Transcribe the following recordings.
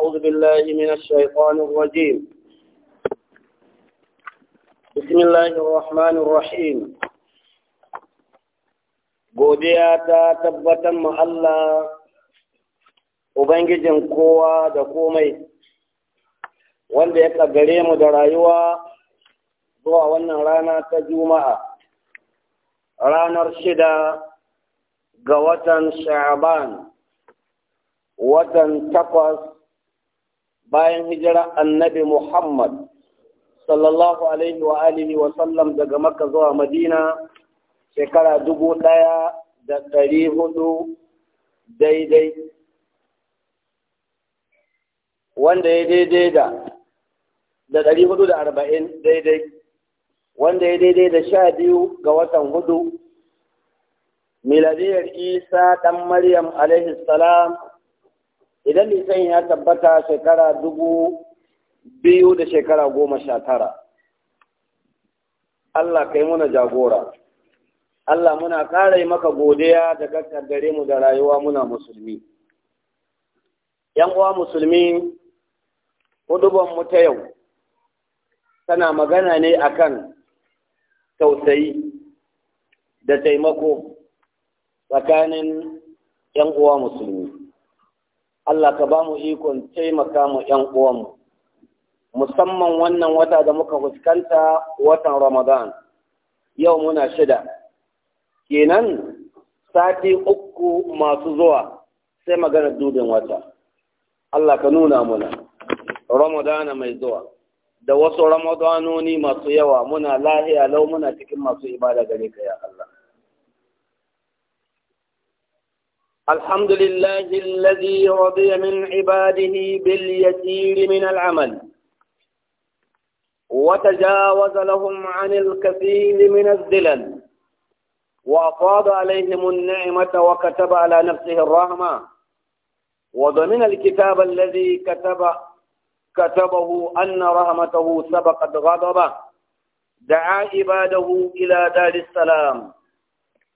أعوذ بالله من الشيطان الرجيم بسم الله الرحمن الرحيم godiya ta tabbatar ma Allah Ubangijin kowa da komai wanda ya ƙaggare mu da rayuwa zuwa wannan rana ta Juma'a ranar shida ga watan Sha'ban watan takwas bayan hijira annabi Muhammad sallallahu alaihi wa alihi wa sallam daga Makka zuwa Madina shekara dubu ɗaya da ɗari hudu daidai wanda ya daidai da da ɗari hudu da arba'in daidai wanda ya daidai da sha biyu ga watan hudu miladiyar isa ɗan maryam alaihi salam idan lisan ya tabbata shekara dubu biyu da shekara goma sha tara Allah kai muna jagora Allah muna ƙara yi maka godiya da gare mu da rayuwa muna musulmi ‘yan uwa musulmi mu ta yau tana magana ne akan tausayi da taimako tsakanin ‘yan uwa musulmi Allah ka ba mu ikon taimaka mu ‘yan uwanmu, musamman wannan wata da muka fuskanta watan Ramadan, yau muna shida. Kenan sati uku masu zuwa sai maganar dubin wata. Allah ka nuna muna, Ramadan mai zuwa, da wasu Ramadanoni masu yawa muna lahiya lau muna cikin masu ibada gare ka ya Allah. الحمد لله الذي رضي من عباده باليسير من العمل وتجاوز لهم عن الكثير من الذلل وأفاض عليهم النعمة وكتب على نفسه الرحمة وضمن الكتاب الذي كتب كتبه أن رحمته سبقت غضبه دعا عباده إلى دار السلام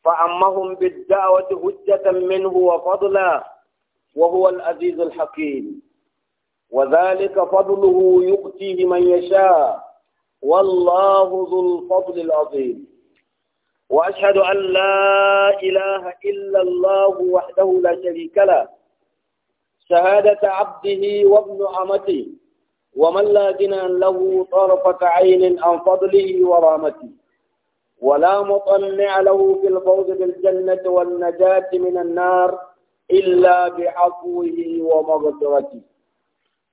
فعمهم بالدعوة حجة منه وفضلا وهو العزيز الحكيم وذلك فضله يؤتيه من يشاء والله ذو الفضل العظيم وأشهد أن لا إله إلا الله وحده لا شريك له شهادة عبده وابن عمته ومن لا غنى له طرفة عين عن فضله ورامته ولا مطلع له في الفوز بالجنة والنجاة من النار إلا بعفوه ومغفرته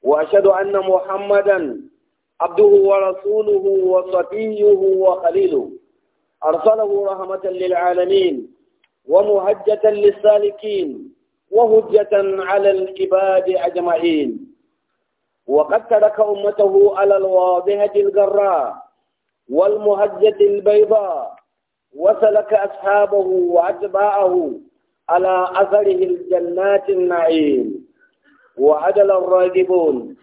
وأشهد أن محمدا عبده ورسوله وصفيه وخليله أرسله رحمة للعالمين ومهجة للسالكين وهجة على العباد أجمعين وقد ترك أمته على الواضحة الجراء والمهجة البيضاء وسلك أصحابه وأتباعه على أثره الجنات النعيم وعدل الراغبون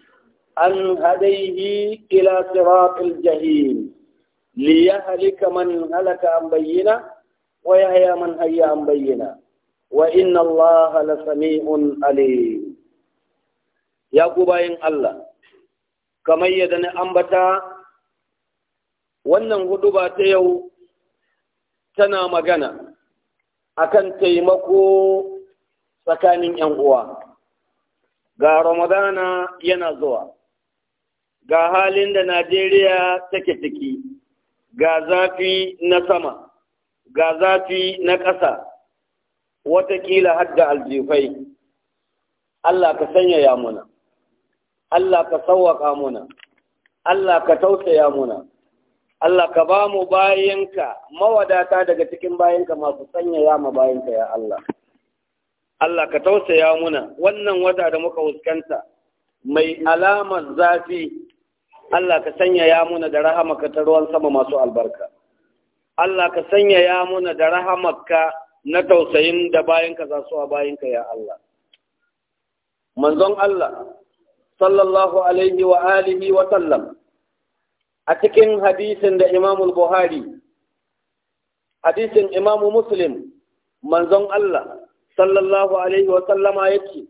عن هديه إلى صراط الجحيم ليهلك من هلك عن بينه ويحيى من حي عن بينه وإن الله لسميع عليم يا قبائل الله كما يدن أنبتا wannan hudu ba ta yau tana magana akan taimako tsakanin 'yan uwa ga ramadana yana zuwa ga halin da najeriya take ciki ga zafi na sama ga zafi na ƙasa watakila hadda aljifai allah ka sanya muna allah ka sauwaƙa muna allah ka tausaya muna Allah ka ba mu bayanka mawadata daga cikin bayanka masu sanyaya ma bayanka ya Allah. Allah ka tausaya muna wannan wata da muka fuskanta mai alamar zafi Allah ka sanyaya muna da rahamaka ta ruwan sama masu albarka. Allah ka sanyaya muna da rahamaka na tausayin da bayanka za su a bayanka ya Allah. Manzon Allah sallallahu alaihi wa alihi wa sallam a cikin hadisin da Imam Buhari hadisin Imam Muslim manzon Allah sallallahu alaihi wa sallama yake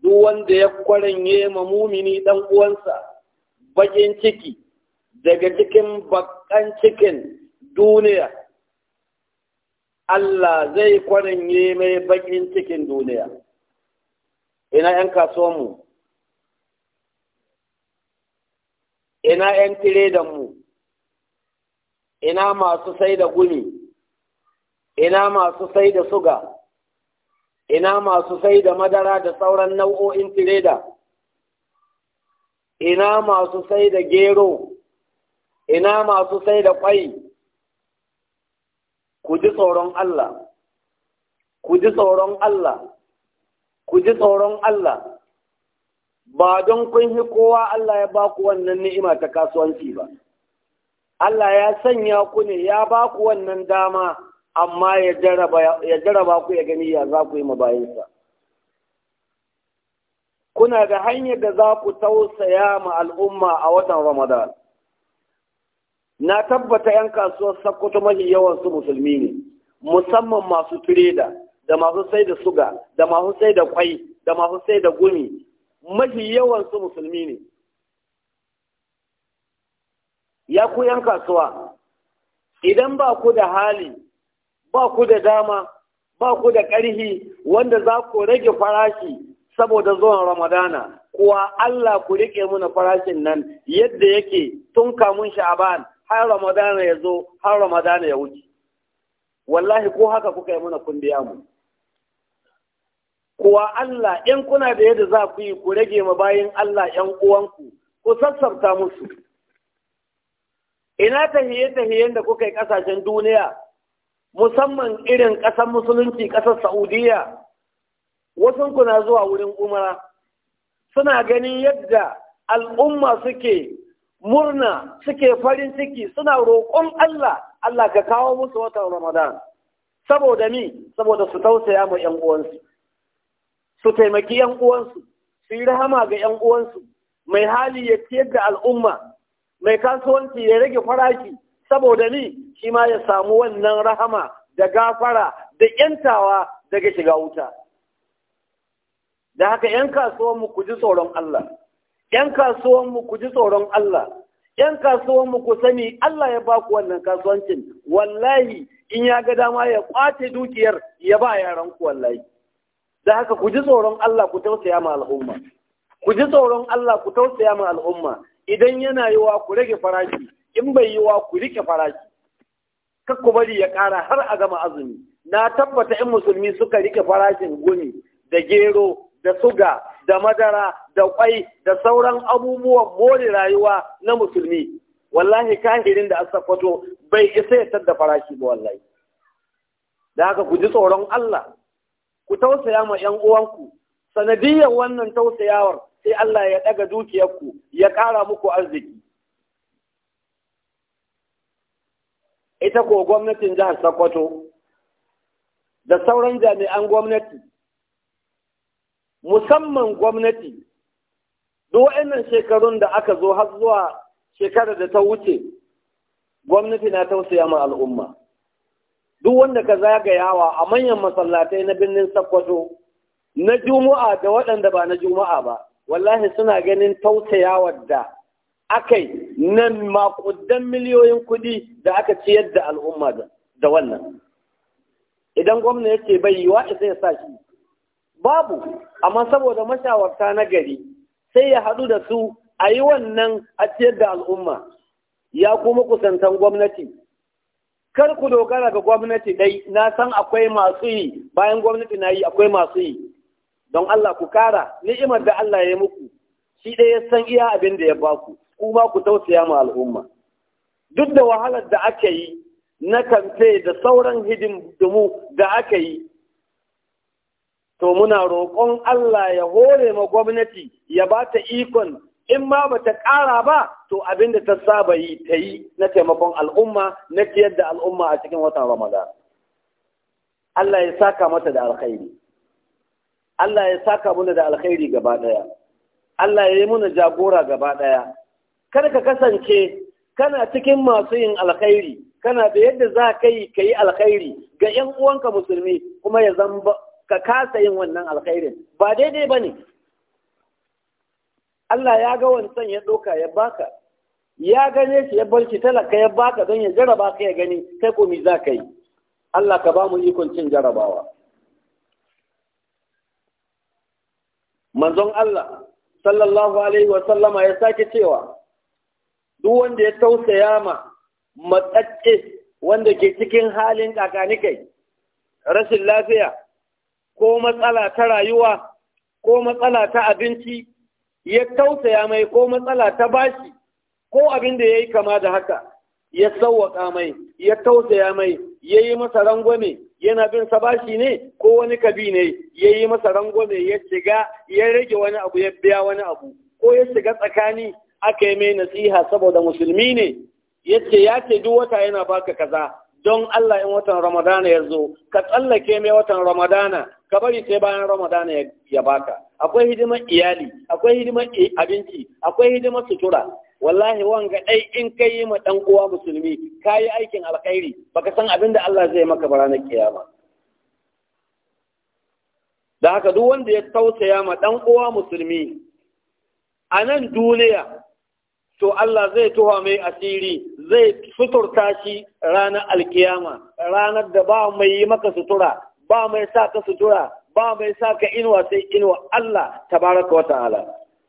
duk wanda ya kwarenye ma mumini dan uwansa bakin ciki daga cikin bakan cikin duniya Allah zai kwaranye mai bakin cikin duniya ina yan kasuwanmu ina ‘yan mu, ina masu sai da gumi, ina masu sai da suga, ina masu sai da madara da sauran nau'o'in da, ina masu sai da gero, ina masu sai da ƙwai, ku ji tsoron Allah, ku ji tsoron Allah, ku ji tsoron Allah. ba don kun yi kowa Allah ya ba ku wannan ni'ima ta kasuwanci ba. Allah ya sanya ku ne ya ba ku wannan dama amma ya jaraba ku ya gani ya za ku yi mabayinsa. Kuna da hanyar da za ku tausaya ma al'umma a watan Ramadan. Na tabbata ‘yan kasuwar mahi mafi yawansu musulmi ne, musamman masu tureda, da masu sai da suga, da masu sai da kwai, da masu sai da gumi, mafi yawan su musulmi ne ya ku yan kasuwa idan ba ku da hali ba ku da dama ba ku da ƙarhi wanda za ku rage farashi saboda zuwan ramadana kuwa Allah ku rike muna farashin nan yadda yake tun kamun sha'aban har ramadana ya zo har ramadana ya wuce wallahi ko haka kuka yi muna kundiya mu kuwa Allah yan kuna da yadda za ku yi ku rage ma bayan Allah ‘yan uwanku, ku sassabta musu. Ina tahiye-tahiyen da kuka yi ƙasashen duniya, musamman irin ƙasar musulunci ƙasar Saudiyya. wasu kuna zuwa wurin umara, suna ganin yadda al'umma suke murna suke farin ciki suna roƙon Allah, Allah ka kawo musu watan Ramadan, saboda ni saboda su tausaya ma ‘yan uwansu. su taimaki ‘yan uwansu, su yi rahama ga ‘yan uwansu, mai hali ya ciyar da al'umma, mai kasuwanci ya rage farashi, saboda ni shi ma ya samu wannan rahama da gafara da ‘yantawa daga shiga wuta. Da haka ‘yan kasuwanmu ku ji tsoron Allah, ‘yan kasuwanmu ku ji tsoron Allah, ‘yan kasuwanmu ku sani Allah ya ba ku wannan kasuwancin, wallahi in ya ga dama ya ƙwace dukiyar ya ba yaran ku wallahi. da haka ku ji tsoron Allah ku tausaya ma al'umma ku ji tsoron Allah ku tausaya ma al'umma idan yana yiwa ku rage farashi in bai yiwa ku rike farashi kar ku bari ya ƙara har a gama azumi na tabbata in musulmi suka rike farashin gumi da gero da suga da madara da kwai da sauran abubuwan more rayuwa na musulmi wallahi kahirin da fato bai isa ya tadda farashi ba wallahi da haka ku ji tsoron Allah ku tausaya ma ‘yan uwanku, sanadiyar wannan tausayawar sai Allah ya ɗaga dukiyarku ya ƙara muku arziki. Ita ko gwamnatin jihar Sokoto da sauran jami'an gwamnati, musamman gwamnati, duk waɗannan shekarun da aka zo har zuwa shekarar da ta wuce, gwamnati na tausaya ma al'umma. duk wanda ka zagayawa a manyan masallatai na birnin Sokoto na Juma'a da waɗanda ba na Juma'a ba wallahi suna ganin tausayawa da akai nan makudan miliyoyin kuɗi da aka ciyar da al'umma da wannan idan gwamna yake bai yiwa sai ya sa shi babu amma saboda mashawarta na gari sai ya haɗu da su a yi wannan a ciyar da al'umma ya kuma kusantan gwamnati kar ku dogara ga gwamnati dai na san akwai masu yi bayan gwamnati na yi akwai masu yi don Allah ku kara ni'imar da Allah ya muku shi dai ya san iya abin da ya baku kuma ku tausaya ma al'umma duk da wahalar da aka yi na kamfe da sauran dumu da aka yi to muna roƙon Allah ya hore ma gwamnati ya ba ta ikon in ma ba ta ƙara ba to abin da ta saba yi ta yi na taimakon al'umma na ciyar da al'umma a cikin watan ramadan Allah ya saka mata da alkhairi Allah ya saka muna da alkhairi gaba ɗaya Allah ya yi muna jagora gaba ɗaya kar ka kasance kana cikin masu yin alkhairi kana da yadda za ka yi ka yi alkhairi ga 'yan uwanka musulmi kuma ya zamba ka kasa yin wannan alkhairin ba daidai ba ne Allah ya ga wancan ya ɗauka ya baka ya gane shi ya barci talaka ya baka don ya jaraba ka ya gani kai komi mi za ka yi Allah ka ba mu ikon cin jarabawa manzon Allah sallallahu alaihi wa ya sake cewa duk wanda ya tausaya ma matsatsi wanda ke cikin halin kakanikai rashin lafiya ko matsala ta rayuwa ko matsala ta abinci ya tausaya mai ko matsala ta bashi ko abin da ya yi kama da haka ya sauwaka mai ya tausaya mai ya yi masa rangwame yana bin sa bashi ne ko wani kabi ne ya yi masa rangwame ya shiga ya rage wani abu ya biya wani abu ko ya shiga tsakani aka yi mai nasiha saboda musulmi ne ya ce ya ce duk wata yana baka kaza don Allah in watan Ramadana ya zo ka tsallake mai watan Ramadana ka bari sai bayan Ramadana ya baka akwai hidimar iyali akwai hidimar abinci akwai hidimar sutura wallahi wanga ɗai in ka yi ma ɗan uwa musulmi yi aikin alkhairi baka san abin da Allah zai maka ba ranar kiyama da haka duk wanda ya tausaya ma ɗan uwa musulmi a nan duniya to Allah zai tuha mai asiri zai suturta shi ranar alkiyama ranar da ba mai yi maka sutura ba mai sa ka sutura ba mai sa ka inuwa sai inuwa Allah tabaraka wa ta'ala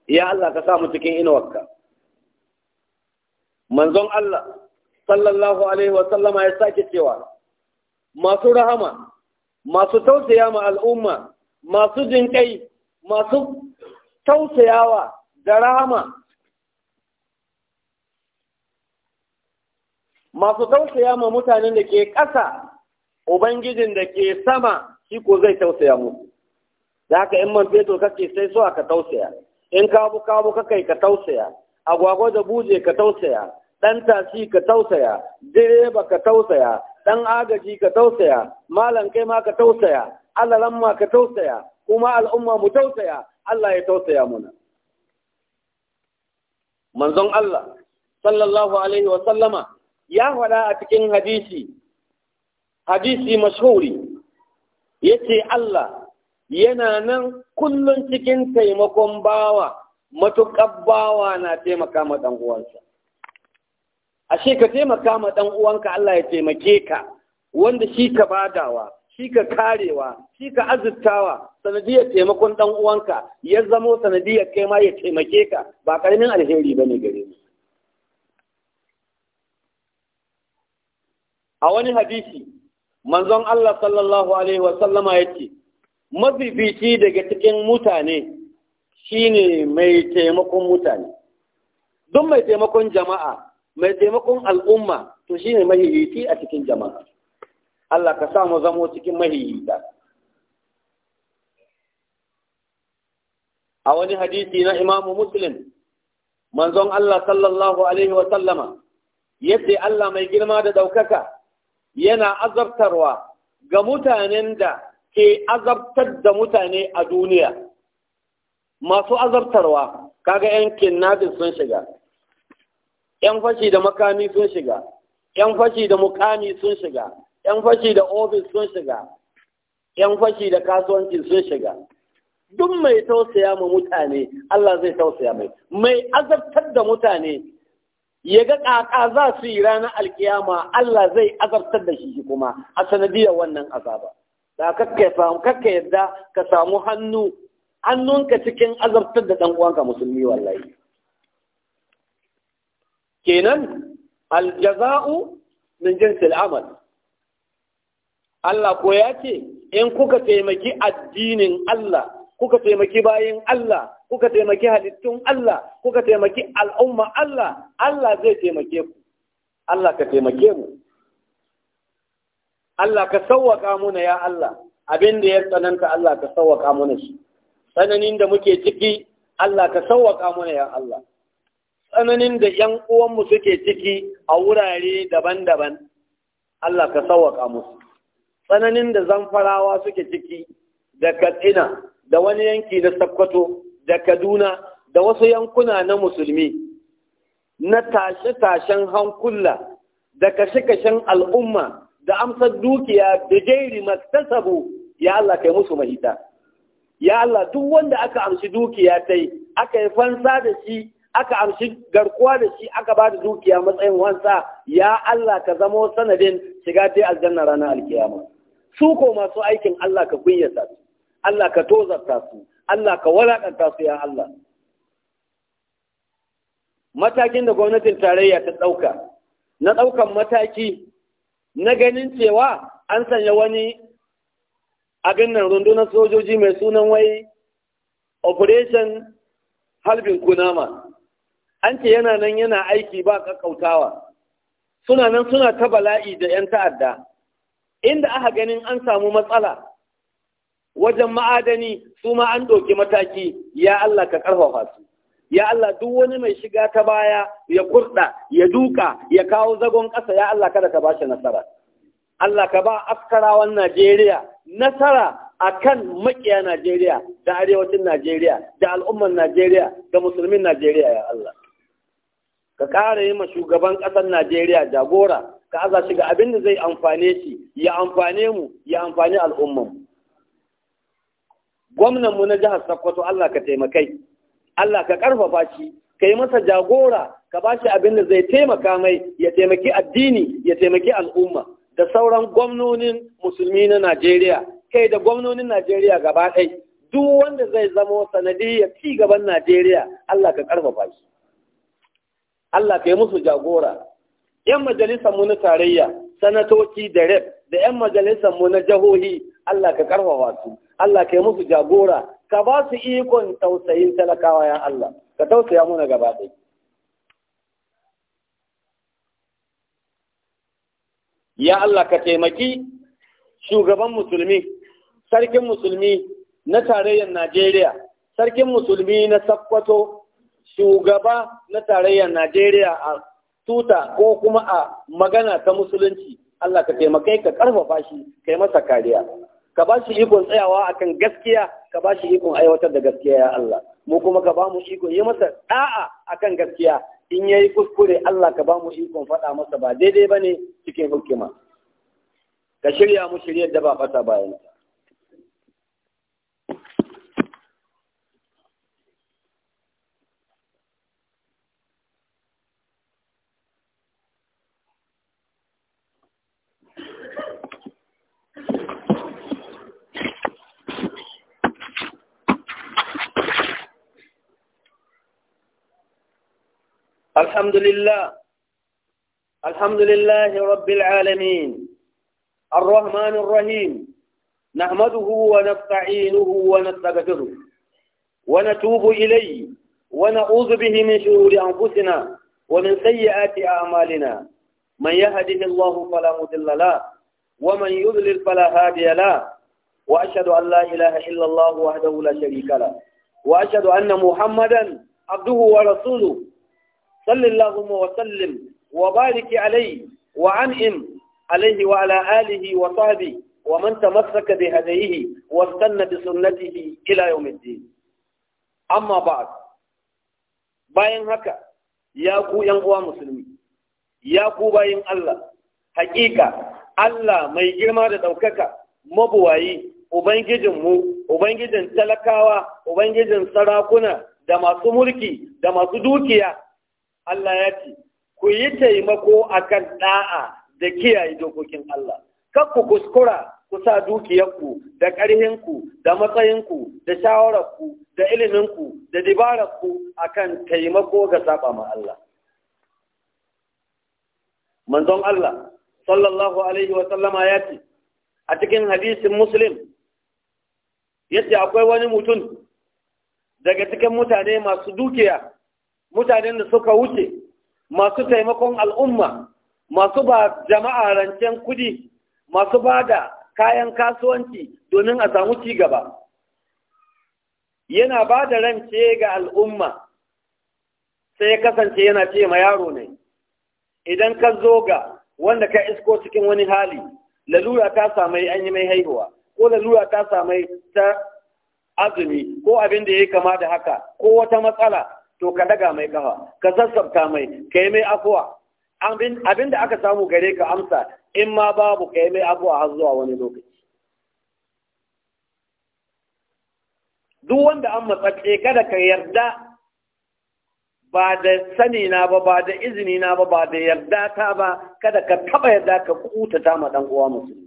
ya Allah ka samu cikin inuwarka manzon Allah sallallahu alaihi wa sallama ya sake cewa masu rahama masu tausaya ma al'umma masu kai masu tausayawa da rahama masu tausaya ma mutanen da ke ƙasa ubangijin da ke sama shi ko zai tausaya mu da haka in man fetur kake sai so ka tausaya in kabu kabu kakai ka tausaya agwagwa da buje ka tausaya ɗan tasi ka tausaya direba ka tausaya ɗan agaji ka tausaya malam kai ma ka tausaya Allah lamma ka tausaya kuma al'umma mu tausaya Allah ya tausaya muna manzon Allah sallallahu alaihi wa sallama ya faɗa a cikin hadisi hadisi ya ce Allah yana nan kullum cikin taimakon bawa matuƙar bawa na taimaka ma ɗan uwansa ashe ka taimaka ma ɗan Allah ya taimake ka wanda shi ka badawa shi ka karewa shi ka azurtawa sanadiyar taimakon ɗan ya zamo sanadiyar kai ma ya taimake ka ba ƙaramin alheri ba ne gare a wani hadisi manzon Allah sallallahu alaihi wasallama yace mabibici daga cikin mutane shine mai taimakon mutane Don mai taimakon jama'a mai taimakon al'umma to shine mahihici a cikin jama'a Allah ka sa mu zamo cikin mahihita a wani hadisi na imamu muslim manzon Allah sallallahu alaihi wasallama yace Allah mai girma da ɗaukaka yana azabtarwa ga mutanen da ke azabtar da mutane a duniya masu azabtarwa kaga yan kinnadin sun shiga yan fashi da makami sun shiga yan fashi da mukami sun shiga yan fashi da ofis sun shiga yan fashi da kasuwanci sun shiga duk mai tausaya ma mutane Allah zai tausaya mai mai azabtar da mutane ya ga ƙaƙa za su yi ranar alkiyama Allah zai azabtar da shi kuma a sanadiyar wannan azaba da kakka samu yadda ka samu hannu hannunka cikin azabtar da ɗanuwanka musulmi wallahi kenan aljaza'u min jinsil amal Allah ko ya ce in kuka taimaki addinin Allah kuka taimaki bayin Allah kuka taimaki halittun Allah kuka taimaki al'umma Allah Allah zai taimake ku Allah ka taimake mu Allah ka sawwaka muna ya Allah abin da ya tsananta Allah ka sawwaka muna shi tsananin da muke ciki Allah ka sawwaka muna ya Allah tsananin da ‘yan uwanmu suke ciki a wurare daban-daban Allah ka sawwaka musu tsananin da zamfarawa suke ciki da katsina da wani yanki na sakkwato da Kaduna da wasu yankuna na musulmi na tashe-tashen hankula da kashe-kashen al'umma da amsar dukiya da jairi maktasabu ya Allah kai musu mahita. Ya Allah duk wanda aka amshi dukiya ta yi, aka yi fansa da shi, aka amshi garkuwa da shi, aka ba da dukiya matsayin wansa, ya Allah ka zama sanadin shiga ta aljanna ranar alkiyama. Su ko masu aikin Allah ka kunyata Allah ka tozarta su, Allah ka walaƙanta su ya Allah matakin da gwamnatin tarayya ta ɗauka na ɗaukan mataki na ganin cewa an sanya wani abin nan rundunar sojoji mai sunan wai operation halbin kunama an ce yana nan yana aiki ba ƙaƙƙautawa suna nan suna ta bala'i da 'yan ta'adda inda aka ganin an samu matsala wajen ma'adani su ma an ɗauki mataki ya Allah ka ƙarfafa su ya Allah duk wani mai shiga ta baya ya kurɗa ya duka ya kawo zagon ƙasa ya Allah kada ka ba shi nasara Allah ka ba askarawan Najeriya nasara a kan makiya Najeriya da arewacin Najeriya da al'ummar Najeriya da musulmin Najeriya ya Allah ka ƙara yi ma shugaban ƙasar Najeriya jagora ka aza shiga abin da zai amfane shi ya amfane mu ya amfane al'ummar mu gwamnan mu na jihar Sokoto Allah ka taimakai Allah ka karfafa shi ka yi masa jagora ka ba shi abin da zai taimaka mai ya taimaki addini ya taimaki al'umma da sauran gwamnonin musulmi na Najeriya kai da gwamnonin Najeriya gaba ɗai duk wanda zai zama sanadiyya ci gaban Najeriya Allah ka karfafa shi Allah ka yi musu jagora ‘yan majalisar mu na tarayya sanatoci da rep da ‘yan majalisar mu na jahohi. Allah ka karfafa su Allah ka yi musu jagora ka ba su ikon tausayin talakawa ya Allah ka tausaya muna gaba ɗai. ya Allah ka taimaki shugaban musulmi sarkin musulmi na tarayyar Najeriya sarkin musulmi na sakwato shugaba na tarayyar Najeriya a tuta ko kuma a magana ta musulunci Allah ka taimakai ka ƙarfafa shi kai masa kariya ka ba shi ikon tsayawa akan gaskiya ka ba shi ikon aiwatar da gaskiya ya Allah mu kuma ka ba mu ikon yi masa da'a akan gaskiya in yayi kuskure Allah ka ba mu ikon faɗa masa ba daidai ba ne cikin hukuma ka shirya mu shiryar da ba fata bayan الحمد لله الحمد لله رب العالمين الرحمن الرحيم نحمده ونستعينه ونستغفره ونتوب إليه ونعوذ به من شرور أنفسنا ومن سيئات أعمالنا من يهده الله فلا مضل له ومن يضلل فلا هادي له وأشهد أن لا إله إلا الله وحده لا شريك له وأشهد أن محمدا عبده ورسوله صل اللهم وسلم وبارك عليه وعنهم عليه وعلى آله وصحبه ومن تمسك بهديه واستنى بسنته إلى يوم الدين أما بعد bayan haka ya ku ‘yan uwa musulmi, ya ku bayan Allah, hakika Allah mai girma da ɗaukaka, mabuwayi, Ubangijinmu, Ubangijin talakawa, Ubangijin sarakuna da masu mulki da masu dukiya Allah ya ce ku yi taimako a kan ɗa'a da kiyaye dokokin Allah kan ku kuskura ku sa dukiyarku da ƙarhinku da matsayinku da shawararku da iliminku da dibararku kan taimako ga saba ma Allah. Manzon Allah, sallallahu Alaihi wasallama ya ce, a cikin hadisin Muslim, ya ce akwai wani mutum daga cikin mutane masu dukiya mutanen da suka wuce masu taimakon al'umma masu ba jama'a rancen kudi masu ba da kayan kasuwanci domin a samu ci gaba yana ba da rance ga al'umma sai ya kasance yana ce ma yaro ne idan ka zo ga wanda ka isko cikin wani hali lalura ta samai an yi mai haihuwa ko lalura ta samai ta azumi ko abin da ya kama da haka ko wata matsala to ka daga mai kafa ka sassabta mai ka yi mai afuwa abin da aka samu gare ka amsa in ma babu ka yi mai afuwa har zuwa wani lokaci duk wanda an matsatse kada ka yarda ba da sani na ba ba da izini na ba ba da yarda ta ba kada ka taba yarda ka kuta ta ma dan uwa musulmi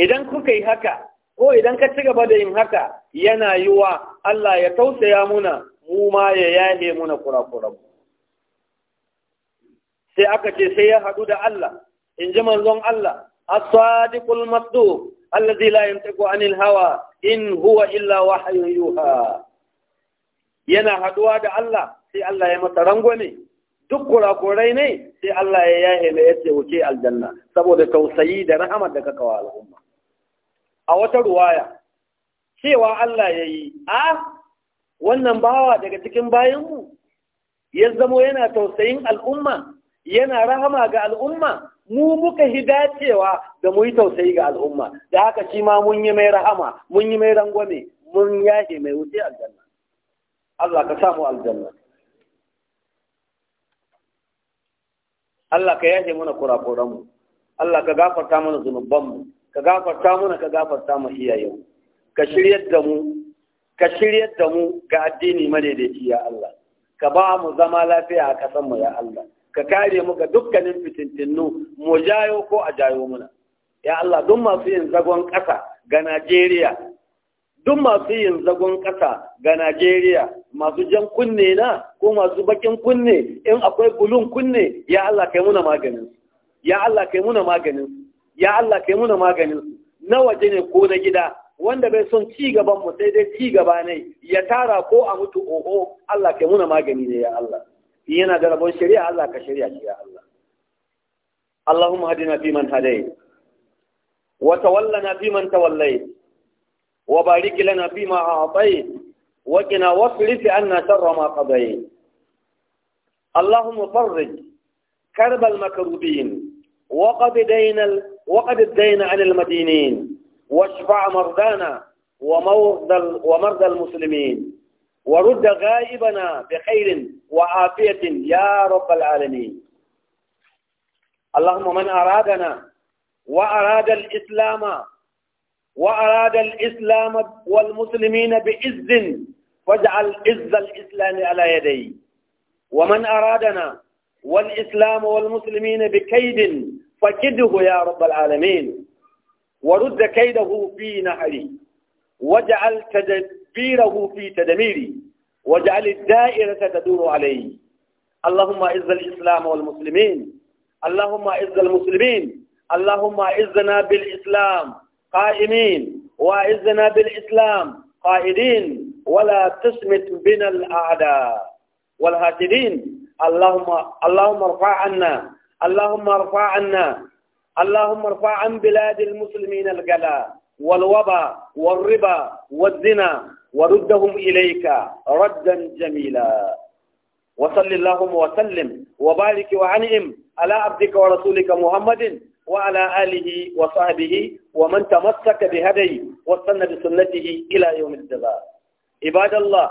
idan kuka yi haka ko idan ka ci gaba da yin haka yana yiwa Allah ya tausaya muna mu ma ya yaye muna kurakuran sai aka ce sai ya haɗu da Allah in ji manzon Allah as-sadiqul masduq allazi la yantiqu anil hawa in huwa illa wahyu yuha yana haɗuwa da Allah sai Allah ya masa rangwame duk kurakurai ne sai Allah ya yahe mai yace wuce aljanna saboda tausayi da rahama da kakawa al'umma a wata ruwaya cewa Allah ya yi a wannan bawa daga cikin bayanmu ya zamo yana tausayin al'umma yana rahama ga al'umma mu muka hi dacewa da mu yi tausayi ga al'umma da haka shi ma mun yi mai rahama mun yi mai rangwame mun yahe mai wuce aljanna Allah ka samu aljanna Allah ka yahe mana kurakuranmu Allah ka gafarta mana zunubanmu ka gafarta mana ka gafarta mu iyayen ka shiryar da mu ka shiryar da mu ga addini madaidaici ya Allah ka ba mu zama lafiya a ƙasar mu ya Allah ka kare mu ga dukkanin fitintinnu mu jayo ko a jayo muna ya Allah duk masu yin zagon ƙasa ga Najeriya duk masu yin zagon ƙasa ga Najeriya masu jan kunne na ko masu bakin kunne in akwai bulun kunne ya Allah kai muna maganin ya Allah kai muna maganin ya Allah kai muna maganin su na waje ne ko na gida wanda bai son ci gaban mu sai dai ci gaba ne ya tara ko a mutu oho Allah kai muna magani ne ya Allah yana da rabon shari'a Allah ka shari'a shi ya Allah Allahumma hadina fi man hadayt wa tawallana fi man tawallayt wa barik lana fi ma a'tayt wa qina waslif anna sharra ma qadayt Allahumma farrij karbal makrubin وقد دين وقد ادينا عن المدينين واشفع مرضانا ومرضى, ومرضى المسلمين ورد غائبنا بخير وعافية يا رب العالمين اللهم من أرادنا وأراد الإسلام وأراد الإسلام والمسلمين بإذ فاجعل إذ الإسلام على يدي ومن أرادنا والإسلام والمسلمين بكيد فكده يا رب العالمين ورد كيده في نحري واجعل تدبيره في تدميري واجعل الدائرة تدور عليه اللهم اعز الإسلام والمسلمين اللهم اعز المسلمين اللهم اعزنا بالإسلام قائمين واعزنا بالإسلام قائدين ولا تسمت بنا الأعداء والهاتدين اللهم اللهم ارفع عنا اللهم ارفع عنا اللهم ارفع عن بلاد المسلمين الغلا والوبا والربا والزنا وردهم إليك ردا جميلا وصل اللهم وسلم وبارك وعنهم على عبدك ورسولك محمد وعلى آله وصحبه ومن تمسك بهدي واستنى بسنته إلى يوم الجزاء عباد الله